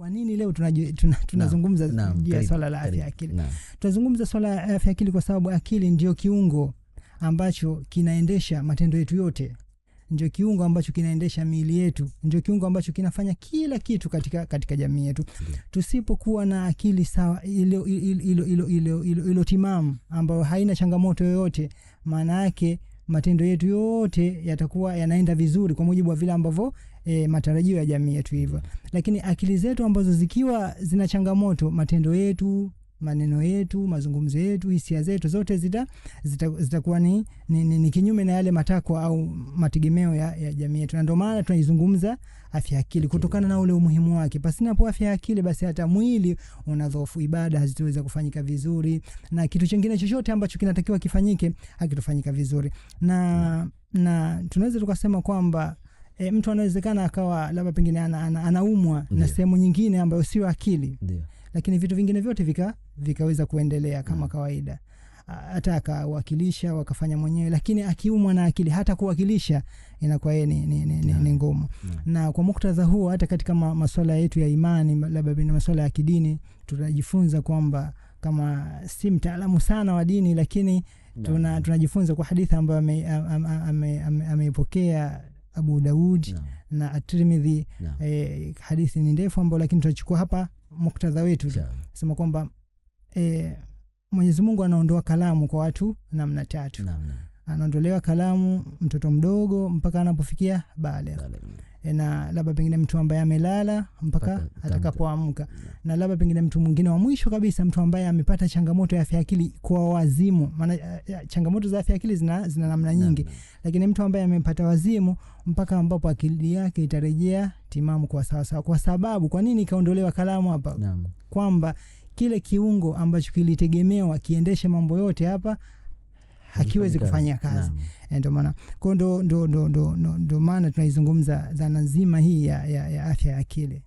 kwa nini leo tunazungumza tuna, tuna juu ya swala la afya ya akili tunazungumza swala la afya ya akili kwa sababu akili ndio kiungo ambacho kinaendesha matendo yetu yote ndio kiungo ambacho kinaendesha miili yetu ndio kiungo ambacho kinafanya kila kitu katika, katika jamii yetu tusipokuwa na akili sawa ilo timamu ambayo haina changamoto yoyote maana yake matendo yetu yote yatakuwa yanaenda vizuri kwa mujibu wa vile ambavyo e, matarajio ya jamii yetu hivyo. Lakini akili zetu ambazo zikiwa zina changamoto, matendo yetu maneno yetu, mazungumzo yetu, hisia zetu zote zita zitakuwa zita ni, ni, ni, kinyume na yale matakwa au mategemeo ya, ya jamii yetu, na ndio maana tunaizungumza afya ya akili kutokana na ule umuhimu wake. Pasinapo afya ya akili, basi hata mwili unadhoofu, ibada hazitoweza kufanyika vizuri, na kitu chingine chochote ambacho kinatakiwa kifanyike hakitofanyika vizuri, na na tunaweza tukasema kwamba e, mtu anawezekana akawa labda pengine anaumwa ana, ana, na sehemu nyingine ambayo sio akili lakini vitu vingine vyote vika vikaweza kuendelea kama mm. kawaida hata akawakilisha wakafanya mwenyewe, lakini akiumwa na akili hata kuwakilisha inakuwa ye ni, ni, ni, yeah. ni ngumu yeah. na kwa muktadha huo, hata katika ma, maswala yetu ya imani, labda na ya kidini, tutajifunza kwamba kama si mtaalamu sana wa dini, lakini tuna, tunajifunza kwa hadithi ambayo ameipokea Abu Daud no. na Atirmidhi tirmidhi E, eh, hadithi ni ndefu ambayo, lakini tunachukua hapa muktadha wetu Sema kwamba e, Mwenyezi Mungu anaondoa kalamu kwa watu namna tatu anaondolewa kalamu mtoto mdogo mpaka anapofikia baligh mm. eh, na labda pengine mtu ambaye amelala mpaka atakapoamka, mm. na labda pengine mtu mwingine wa mwisho kabisa, mtu ambaye amepata changamoto ya afya akili kwa wazimu. Maana eh, eh, changamoto za afya akili zina, zina namna nyingi na, na. Lakini mtu ambaye amepata wazimu mpaka ambapo akili yake itarejea timamu kwa sawasawa. Kwa sababu kwa nini ikaondolewa kalamu hapa? Kwamba kile kiungo ambacho kilitegemewa kiendeshe mambo yote hapa hakiwezi kufanya kazi eh, ndio maana kwao ndo maana tunaizungumza dhana nzima hii ya, ya, ya afya ya akili